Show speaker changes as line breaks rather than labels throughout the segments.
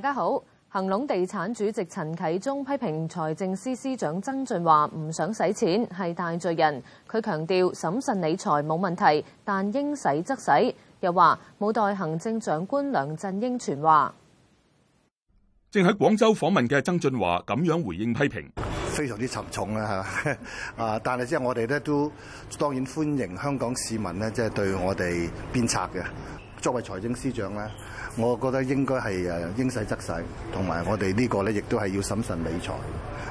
大家好，恒隆地產主席陳啟宗批評財政司司長曾俊華唔想使錢係大罪人，佢強調審慎理財冇問題，但應使則使。又話冇代行政長官梁振英傳話。
正喺廣州訪問嘅曾俊華咁樣回應批評，非常之沉重啊！啊，但係即係我哋咧都當然
歡迎香港市民咧，即係對我哋鞭策嘅。作為財政司長咧，我覺得應該係誒應使則使，同埋我哋呢個咧，亦都係要審慎理財，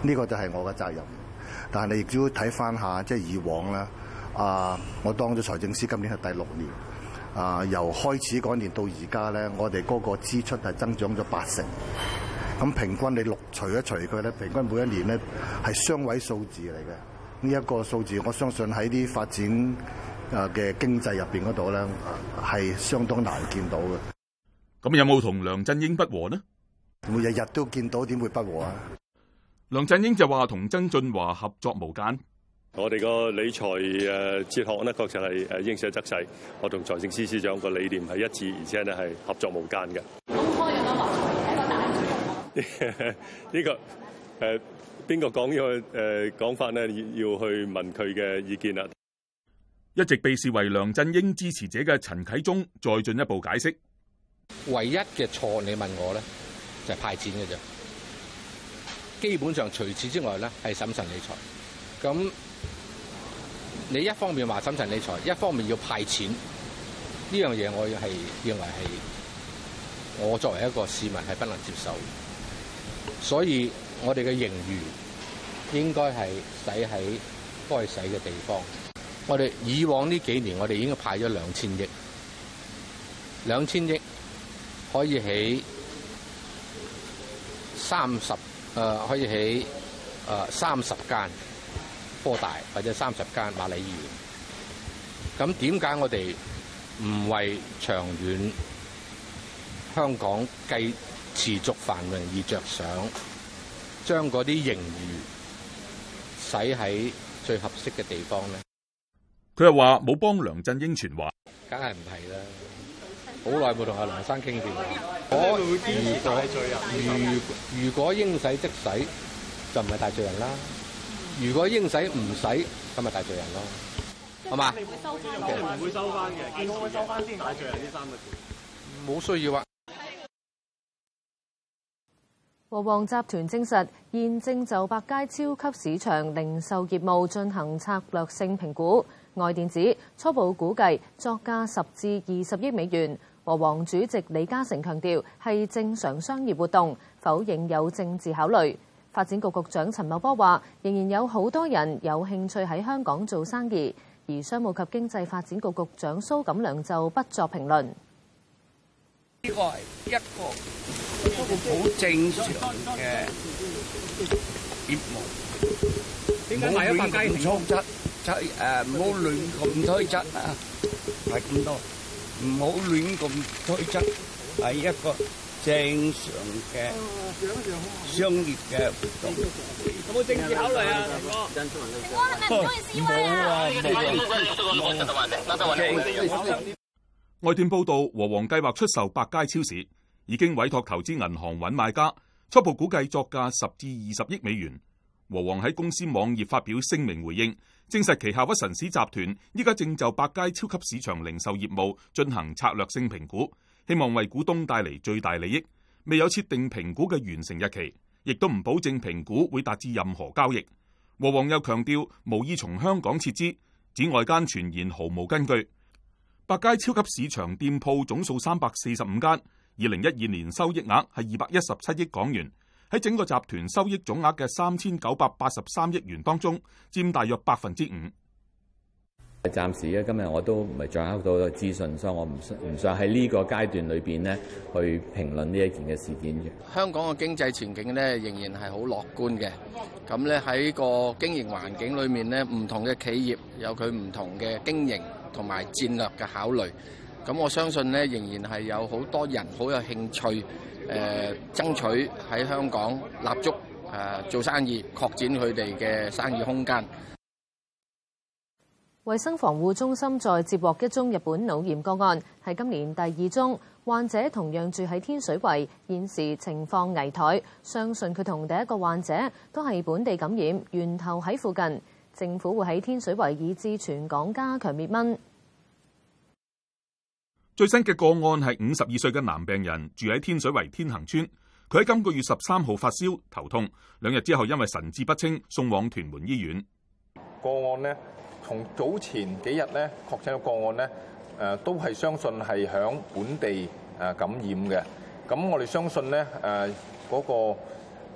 呢個就係我嘅責任。但係你亦都要睇翻下，即係以往呢，啊，我當咗財政司今年係第六年，啊，由開始嗰年到而家咧，我哋嗰個支出係增長咗八成，咁平均你六除一除佢咧，平均每一年咧係雙位數字嚟嘅，呢一個數字我相信喺啲發展。啊嘅經濟入邊嗰度咧，係相當難見到嘅。
咁有冇同梁振英不和呢？每日日都見到，點會不和啊？梁振英就話同曾俊華合作無間。我哋個理財誒
哲學咧，確實係誒應使則使。我同財政司司長個理念係一致，而且咧係合作無間嘅。
咁話
呢個誒
邊個講呢個誒講法咧？要要去問佢嘅意見啊！一直被視為梁振英支持者嘅陳啟宗再進一步解釋，唯一嘅錯你問我咧，就係派錢嘅啫。基本
上除此之外咧，係審慎理財。咁你一方面話審慎理財，一方面要派錢呢樣嘢，我係認為係我作為一個市民係不能接受。所以我哋嘅盈餘應該係使喺該使嘅地方。我哋以往呢幾年，我哋已經派咗兩千億，兩千億可以起三十、呃、可以起、呃、三十間科大或者三十間瑪麗醫院。咁點解我哋唔為長遠香港繼持續繁榮而著想，將嗰啲盈餘使喺最合適嘅地方咧？
佢又話冇幫梁振英傳話，
梗係唔係啦？
好耐冇同阿梁生傾過。
如果如
如果應使即使，就唔係大罪人啦。如果應使唔使，咁咪大罪人咯。係咪？唔會
收翻嘅，堅持收翻先。
大罪人呢三個字冇需要啊。
和黃集團證實，現正就百佳超級市場零售業務進行策略性評估。外電指初步估計作價十至二十億美元，和黃主席李嘉誠強調係正常商業活動，否認有政治考慮。發展局局長陳茂波話：仍然有好多人有興趣喺香港做生意。而商務及經濟發展局局長蘇錦樑就不作評論。呢個係
一個好正常嘅業務，點解賣百佳？誒，唔好亂咁推質啊！係咁多，唔好亂咁推測。係一個正常嘅商業嘅活動，
有冇政
治
考慮啊？平哥係咪唔可以說話啊？
外電報道，和黃計劃出售百佳超市，已經委託投資銀行搵買家，初步估計作價十至二十億美元。和黃喺公司網頁發表聲明回應。證實旗下屈臣氏集團依家正就百佳超級市場零售業務進行策略性評估，希望為股東帶嚟最大利益。未有設定評估嘅完成日期，亦都唔保證評估會達至任何交易。和黃又強調無意從香港撤資，指外間傳言毫無根據。百佳超級市場店鋪總數三百四十五間，二零一二年收益額係二百一十七億港元。喺整個集團收益總額嘅三千九百八十三億元當中，佔大約百分之五。
暫時咧，今日我都唔係掌握到資訊，所以我唔唔想喺呢個階段裏邊咧去評論呢一件嘅事件嘅。香港嘅經濟前景咧仍然係好樂觀嘅。咁咧喺個經營環境裏面咧，唔同嘅企業有佢唔同嘅經營同埋戰略嘅考慮。咁我相信咧，仍然係有好多人好有興趣。誒、呃、爭取喺香港立足、呃、做生意，擴展佢哋嘅生意空間。
衛生防護中心再接獲一宗日本腦炎個案，係今年第二宗，患者同樣住喺天水圍，現時情況危殆。相信佢同第一個患者都係本地感染，源頭喺附近。政府會喺天水圍以至全港加強滅蚊。
最新嘅個案係五十二歲嘅男病人，住喺天水圍天恆村。佢喺今個月十三號發燒、頭痛，兩日之後因為神志不清，送往屯門醫院。
個案呢，從早前幾日呢，確診個案呢誒、呃、都係相信係響本地誒感染嘅。咁我哋相信呢誒嗰、呃嗰個、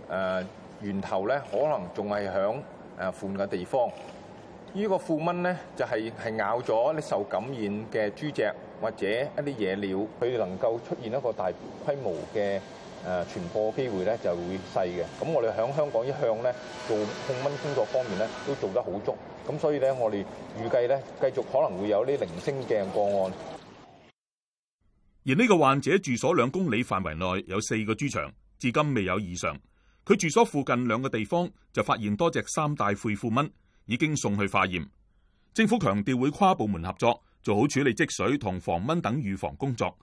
呃、源頭呢可能仲係響誒附近嘅地方。呢、呢個庫蚊呢，就係、係、係咬咗啲受感染嘅豬隻。或者一啲野鳥，佢能夠出現一個大規模嘅誒傳播機會咧，就會細嘅。咁我哋響香港一向咧做控蚊工作方面咧，都做得好足。咁所以咧，我哋預計咧，繼續可能會有啲零星嘅個案。而
呢個患者，住所兩公里範圍內有四個豬場，至今未有異常。佢住所附近兩個地方就發現多隻三帶喙庫蚊，已經送去化驗，政府強調會跨部門合作，做好處理積水同防蚊等預防工作。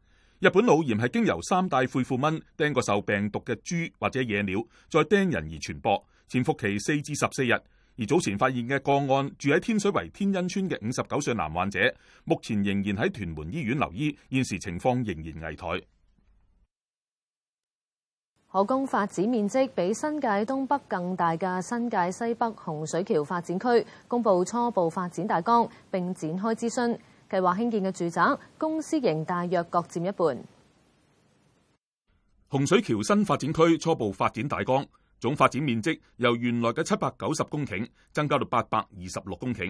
日本腦炎係經由三大血庫蚊叮過受病毒嘅豬或者野鳥，再叮人而傳播。潛伏期四至十四日。而早前發現嘅個案住喺天水圍天恩村嘅五十九歲男患者，目前仍然喺屯門醫院留醫，現時情況仍然危殆。
可供發展面積比新界東北更大嘅新界西北洪水橋發展區公布初步發展大綱，並展開諮詢。計劃興建嘅住宅，公私營大約各占一半。
洪水橋新發展區初步發展大綱，總發展面積由原來嘅七百九十公頃增加到八百二十六公頃。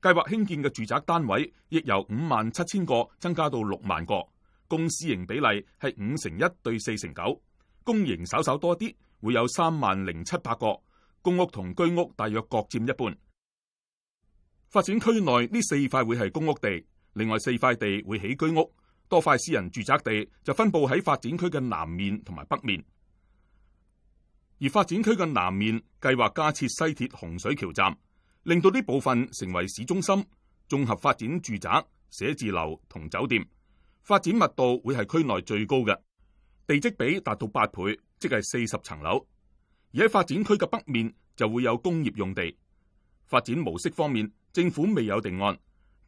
計劃興建嘅住宅單位亦由五萬七千個增加到六萬個，公私營比例係五成一對四成九，公營稍稍多啲，會有三萬零七百個公屋同居屋，大約各占一半。發展區內呢四塊會係公屋地。另外四塊地會起居屋，多塊私人住宅地就分布喺發展區嘅南面同埋北面。而發展區嘅南面計劃加設西鐵洪水橋站，令到呢部分成為市中心，綜合發展住宅、寫字樓同酒店，發展密度會係區內最高嘅，地積比達到八倍，即係四十層樓。而喺發展區嘅北面就會有工業用地。發展模式方面，政府未有定案。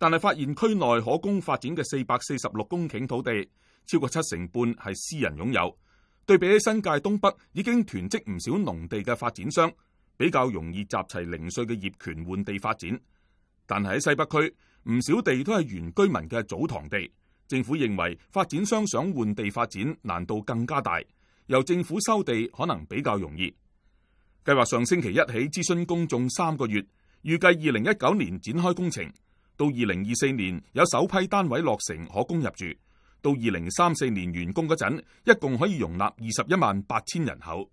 但係發現區內可供發展嘅四百四十六公頃土地，超過七成半係私人擁有。對比起新界東北已經囤積唔少農地嘅發展商，比較容易集齊零碎嘅業權換地發展。但係喺西北區，唔少地都係原居民嘅祖堂地。政府認為發展商想換地發展難度更加大，由政府收地可能比較容易。計劃上星期一起諮詢公眾三個月，預計二零一九年展開工程。到二零二四年有首批單位落成可供入住，到二零三四年完工嗰陣，一共可以容納二十一萬八千人口。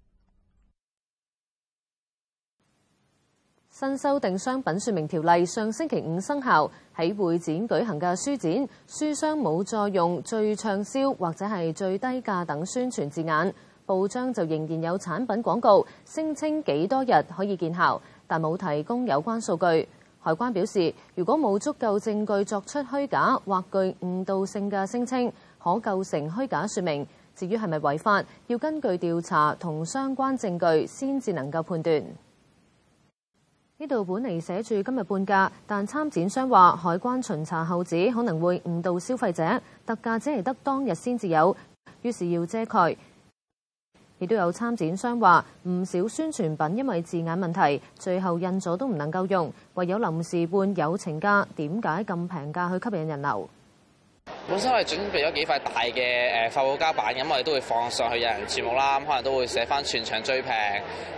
新修訂商品說明條例上星期五生效，喺會展舉行嘅書展，書商冇再用最暢銷或者係最低價等宣傳字眼，報章就仍然有產品廣告，聲稱幾多日可以見效，但冇提供有關數據。海關表示，如果冇足夠證據作出虛假或具誤導性嘅聲稱，可構成虛假說明。至於係咪違法，要根據調查同相關證據先至能夠判斷。呢度本嚟寫住今日半價，但參展商話海關巡查後指可能會誤導消費者，特價只係得當日先至有，於是要遮蓋。亦都有參展商話唔少宣傳品因為字眼問題，最後印咗都唔能夠用，唯有臨時換友情價為這麼便宜價，點解咁平價去吸引人流？
本身我哋準備咗幾塊大嘅誒發泡膠板，咁我哋都會放上去引人、人注目啦。咁可能都會寫翻全場最平、誒、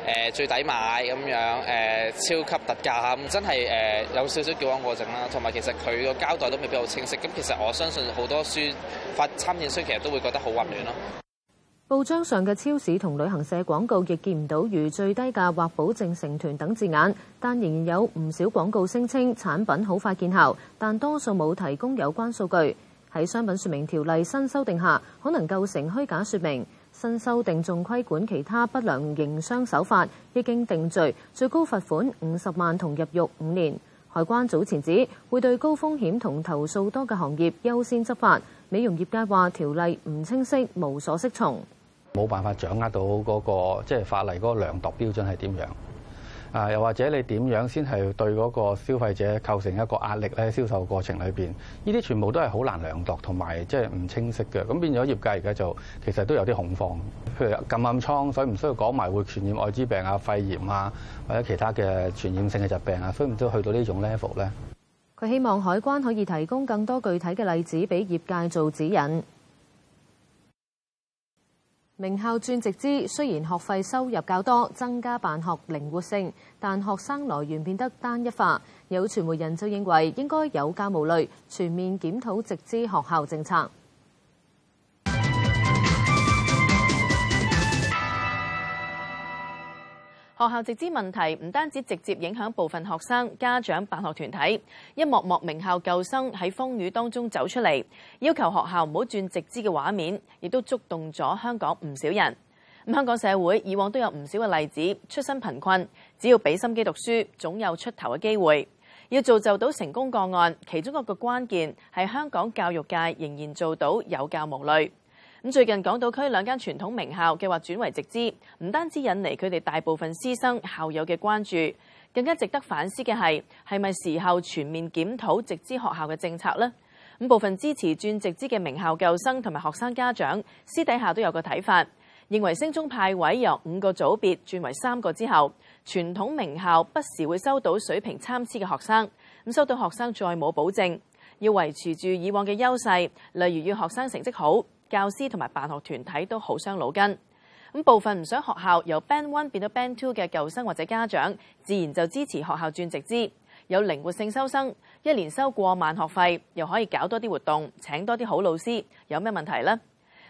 呃、最抵買咁樣誒超級特價。咁真係誒、呃、有少少矯枉過正啦。同埋其實佢個交代都未必好清晰。咁其實我相信好多書展參展商其實都會覺得好混亂咯。
報章上嘅超市同旅行社廣告亦見唔到如最低價或保證成團等字眼，但仍然有唔少廣告聲稱產品好快見效，但多數冇提供有關數據。喺商品說明條例新修訂下，可能構成虛假說明。新修訂仲規管其他不良營商手法，一經定罪，最高罰款五十萬同入獄五年。海關早前指會對高風險同投訴多嘅行業優先執法。美容業界話條例唔清晰，無所適從。
冇辦法掌握到嗰個，即係法例嗰個量度標準係點樣啊？又或者你點樣先係對嗰個消費者構成一個壓力咧？銷售過程裏邊呢啲全部都係好難量度，同埋即係唔清晰嘅。咁變咗業界而家就其實都有啲恐慌，譬如撳暗瘡，所以唔需要講埋會傳染艾滋病啊、肺炎啊或者其他嘅傳染性嘅疾病啊，需唔需要去到這種呢種 level 咧？
佢希望海關可以提供更多具體嘅例子俾業界做指引。名校轉直資雖然學費收入較多，增加辦學靈活性，但學生來源變得單一化。有傳媒人就認為應該有教無類，全面檢討直資學校政策。
學校直資問題唔單止直接影響部分學生、家長、辦學團體，一幕幕名校舊生喺風雨當中走出嚟，要求學校唔好轉直資嘅畫面，亦都觸動咗香港唔少人。咁香港社會以往都有唔少嘅例子，出身貧困，只要俾心機讀書，總有出頭嘅機會。要造就到成功個案，其中一個關鍵係香港教育界仍然做到有教無類。咁最近港島區兩間傳統名校計劃轉為直資，唔單止引嚟佢哋大部分師生校友嘅關注，更加值得反思嘅係係咪時候全面檢討直資學校嘅政策呢？咁部分支持轉直資嘅名校舊生同埋學生家長私底下都有個睇法，認為升中派位由五個組別轉為三個之後，傳統名校不時會收到水平參差嘅學生，咁收到學生再冇保證，要維持住以往嘅優勢，例如要學生成績好。教師同埋辦學團體都好傷腦筋。咁部分唔想學校由 Band One 變到 Band Two 嘅舊生或者家長，自然就支持學校轉直資，有靈活性收生，一年收過萬學費，又可以搞多啲活動，請多啲好老師，有咩問題呢？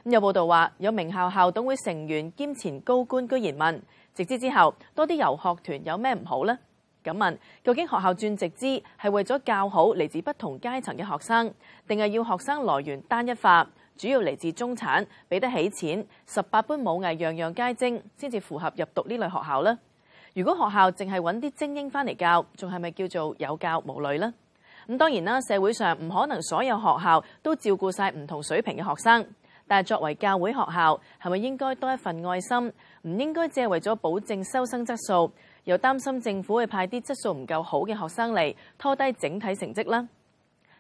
咁有報道話，有名校校董會成員兼前高官居然問：「直資之後多啲遊學團有咩唔好呢？」咁問究竟學校轉直資係為咗教好嚟自不同階層嘅學生，定係要學生來源單一化？主要嚟自中產，俾得起錢，十八般武藝樣樣皆精，先至符合入讀呢類學校呢？如果學校淨係揾啲精英翻嚟教，仲係咪叫做有教無類呢？咁當然啦，社會上唔可能所有學校都照顧晒唔同水平嘅學生。但係作為教會學校，係咪應該多一份愛心？唔應該只係為咗保證收生質素，又擔心政府會派啲質素唔夠好嘅學生嚟拖低整體成績啦？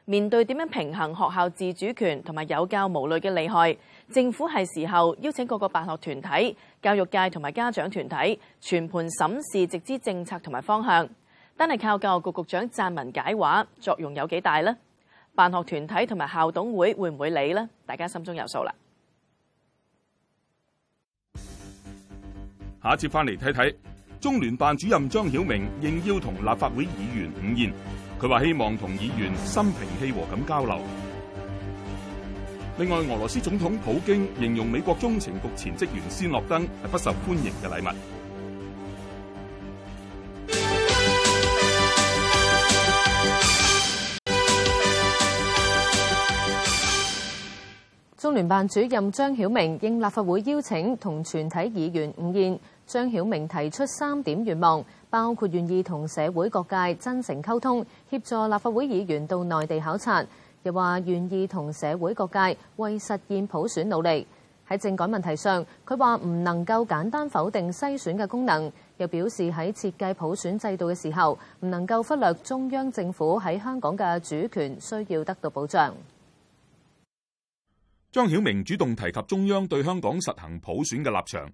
面對點樣平衡學校自主權同埋有教無類嘅利害，政府係時候邀請各個辦學團體、教育界同埋家長團體全盤審視直資政策同埋方向。單係靠教育局局長撰文解話，作用有幾大呢？辦學團體同埋校董會會唔會理呢？大家心中有數啦。
下一節翻嚟，睇睇。中聯辦主任張曉明應邀同立法會議員午宴，佢話希望同議員心平氣和咁交流。另外，俄羅斯總統普京形容美國中情局前職員斯諾登係不受歡迎嘅禮物。
中聯辦主任張曉明應立法會邀請同全體議員午宴。張曉明提出三點願望，包括願意同社會各界真誠溝通，協助立法會議員到內地考察，又話願意同社會各界為實現普選努力。喺政改問題上，佢話唔能夠簡單否定篩選嘅功能，又表示喺設計普選制度嘅時候，唔能夠忽略中央政府喺香港嘅主權需要得到保障。
張曉明主動提及中央對香港實行普選嘅立場。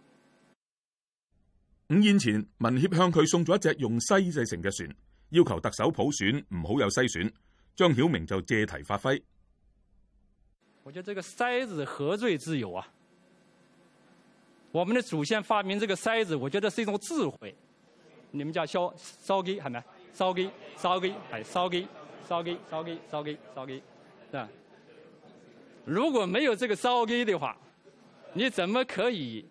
五年前，文協向佢送咗一隻用篩製成嘅船，要求特首普選唔好有篩選。張曉明就借題發揮。
我覺得這個篩子何罪之有啊？我們的祖先發明這個篩子，我覺得是一種智慧。你們叫筲筲箕係咪？筲箕筲箕係筲箕筲箕筲箕筲箕筲箕，係嘛？如果沒有這個筲箕的話，你怎麼可以？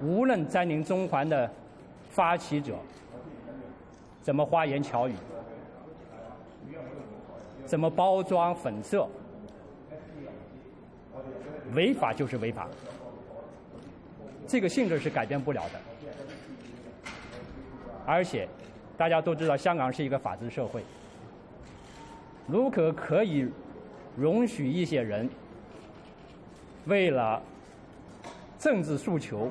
無論佔領中環的發起者怎麼花言巧語，怎麼包裝粉飾，違法就是違法，這個性質是改變不了的。而且，大家都知道，香港是一個法治社會，如果可以容許一些人為了政治訴求，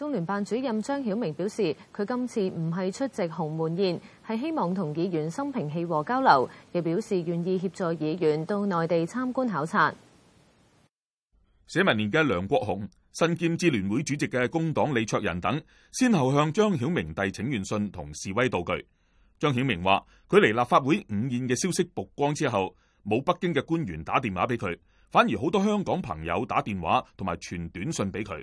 中聯辦主任張曉明表示，佢今次唔係出席鴻門宴，係希望同議員心平氣和交流，亦表示願意協助議員到內地參觀考察。
社民連嘅梁國雄、新任支聯會主席嘅工黨李卓人等，先後向張曉明遞請願信同示威道具。張曉明話：佢嚟立法會午宴嘅消息曝光之後，冇北京嘅官員打電話俾佢，反而好多香港朋友打電話同埋傳短信俾佢。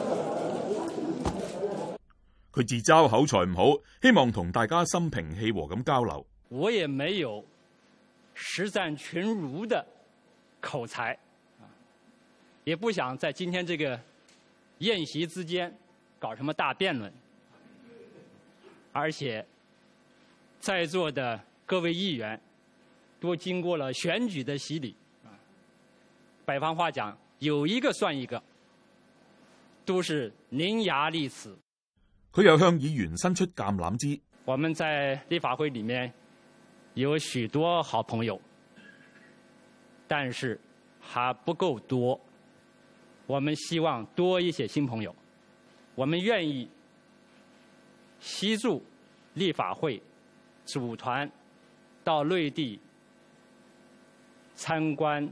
佢自嘲口才唔好，希望同大家心平氣和咁交流。
我也沒有舌戰群儒的口才，也不想在今天這個宴席之間搞什麼大辯論。而且在座的各位議員都經過了選舉的洗禮，北方話講有一個算一個，都是伶牙俐齒。佢又向議員伸出橄欖枝。我們在立法會裡面有許多好朋友，但是還不夠多。我們希望多一些新朋友。我們願意協助立法會組團到內地參觀、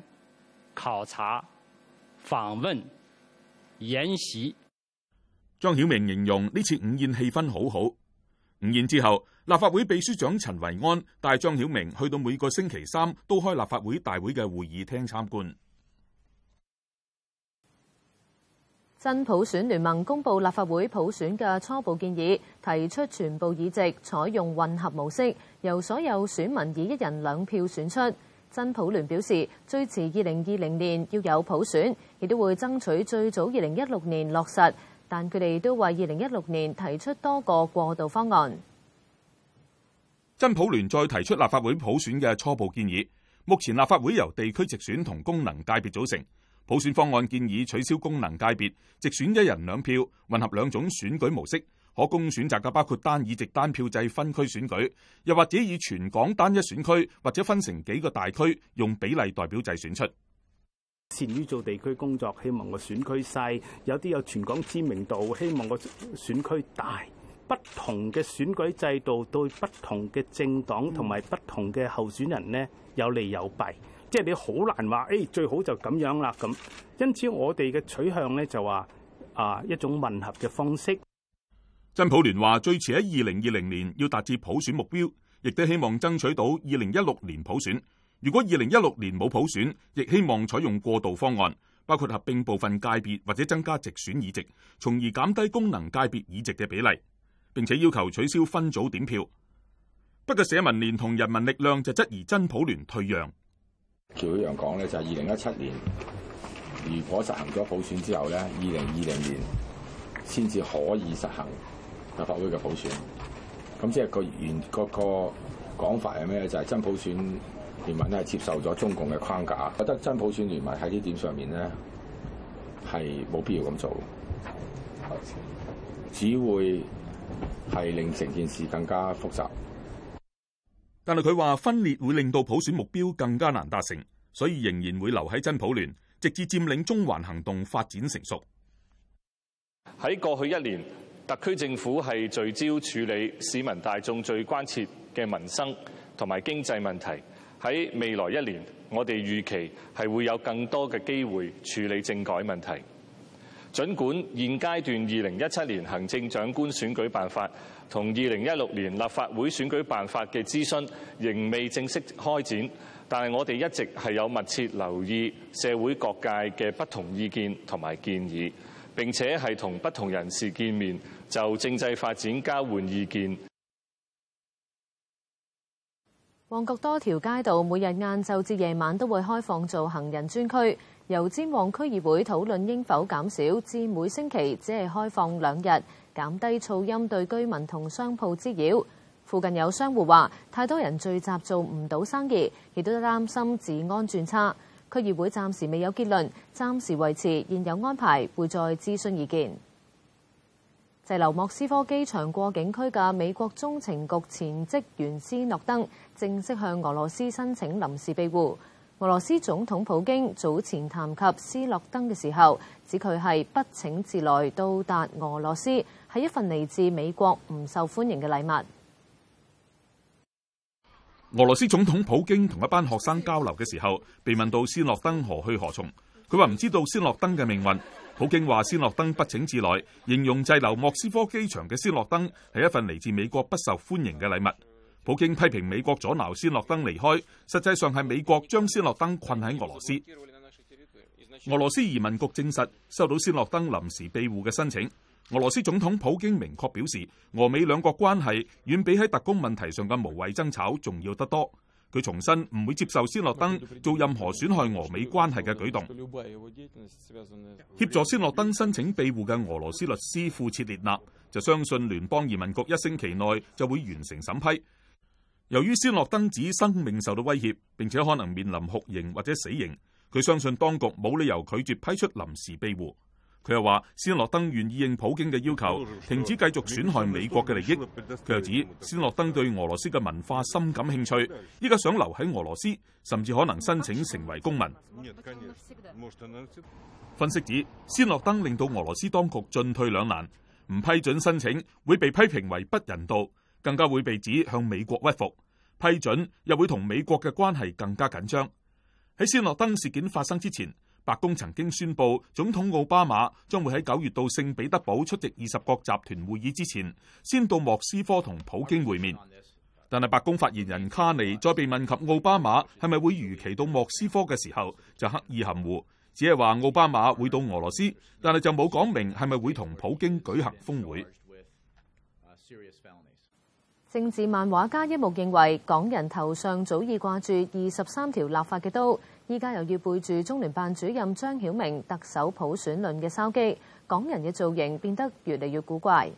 考察、訪問、研習。
張曉明形容呢次午宴氣氛好好。午宴之後，立法會秘書長陳維安帶張曉明去到每個星期三都開立法會大會嘅會議廳參觀。
真普選聯盟公布立法會普選嘅初步建議，提出全部議席採用混合模式，由所有選民以一人兩票選出。真普聯表示，最遲二零二零年要有普選，亦都會爭取最早二零一六年落實。但佢哋都為二零一六年提出多個過渡方案。
真普聯再提出立法會普選嘅初步建議。目前立法會由地區直選同功能界別組成。普選方案建議取消功能界別，直選一人兩票，混合兩種選舉模式，可供選擇嘅包括單議席單票制分區選舉，又或者以全港單一選區或者分成幾個大區用比例代表制選出。善於做地區工作，希望個選區細，有啲有全港知名度，希望個選區大。不同嘅選舉制度
對不同嘅政黨同埋不同嘅候選人呢有利有弊，即係你好難話誒、哎、最好就咁樣啦咁。因此我哋嘅取向咧就話啊一
種混合嘅方式。真普聯話最遲喺二零二零年要達至普選目標，亦都希望爭取到二零一六年普選。如果二零一六年冇普選，亦希望採用過渡方案，包括合併部分界別或者增加直選議席，從而減低功能界別議席嘅比例，並且要求取消分組點票。不過，社民連同人民力量就質疑真普聯退讓。喬宇陽講咧就係二零一七年如果實行咗普選之後咧，二零二零年
先至可以實行立法會嘅普選。咁即係個原各個講法係咩，就係、是、真普選。聯盟呢接受咗中共嘅框架，覺得真普選聯盟喺呢點上面呢，係冇必要咁做，
只會係令成件事更加複雜。但係佢話分裂會令到普選目標更加難達成，所以仍然會留喺真普聯，直至佔領中環行動發展成熟。喺過去一年，特區政府係聚焦處理市民大眾最關切嘅民生同埋經濟問題。喺未來一年，我哋預
期係會有更多嘅機會處理政改問題。儘管現階段二零一七年行政長官選舉辦法同二零一六年立法會選舉辦法嘅諮詢仍未正式開展，但係我哋一直係有密
切留意社會各界嘅不同意見同埋建議，並且係同不同人士見面，就政制發展交換意見。
旺角多條街道每日晏晝至夜晚都會開放做行人專區，由尖旺區議會討論應否減少至每星期只係開放兩日，減低噪音對居民同商鋪滋擾。附近有商戶話太多人聚集做唔到生意，亦都擔心治安轉差。區議會暫時未有結論，暫時維持現有安排，會再諮詢意見。逗留莫斯科機場過境區嘅美國中情局前職員斯諾登正式向俄羅斯申請臨時庇護。俄羅斯總統普京早前談及斯諾登嘅時候，指佢係不請自來到達俄羅斯，係一份嚟自美國唔受歡迎嘅禮物。
俄羅斯總統普京同一班學生交流嘅時候，被問到斯諾登何去何從，佢話唔知道斯諾登嘅命運。普京話，斯諾登不請自來，形容滯留莫斯科機場嘅斯諾登係一份嚟自美國不受歡迎嘅禮物。普京批評美國阻撓斯諾登離開，實際上係美國將斯諾登困喺俄羅斯。俄羅斯移民局證實收到斯諾登臨時庇護嘅申請。俄羅斯總統普京明確表示，俄美兩國關係遠比喺特工問題上嘅無謂爭吵重要得多。佢重申唔會接受斯諾登做任何損害俄美關係嘅舉動。協助斯諾登申請庇護嘅俄羅斯律師庫切列納就相信聯邦移民局一星期內就會完成審批。由於斯諾登指生命受到威脅，並且可能面臨酷刑或者死刑，佢相信當局冇理由拒絕批出臨時庇護。佢又話，斯諾登願意應普京嘅要求，停止繼續損害美國嘅利益。佢又指，斯諾登對俄羅斯嘅文化深感興趣，依家想留喺俄羅斯，甚至可能申請成為公民。分析指，斯諾登令到俄羅斯當局進退兩難，唔批准申請會被批評為不人道，更加會被指向美國屈服；批准又會同美國嘅關係更加緊張。喺斯諾登事件發生之前，白宮曾經宣布，總統奧巴馬將會喺九月到聖彼得堡出席二十國集團會議之前，先到莫斯科同普京會面。但係，白宮發言人卡尼在被問及奧巴馬係咪會如期到莫斯科嘅時候，就刻意含糊，只係話奧巴馬會到俄羅斯，但係就冇講明係咪會同普京舉行峰會。
政治漫畫家一木認為，港人頭上早已掛住二十三條立法嘅刀。依家又要背住中聯辦主任張曉明特首普選論嘅筲箕，港人嘅造型變得越嚟越古怪。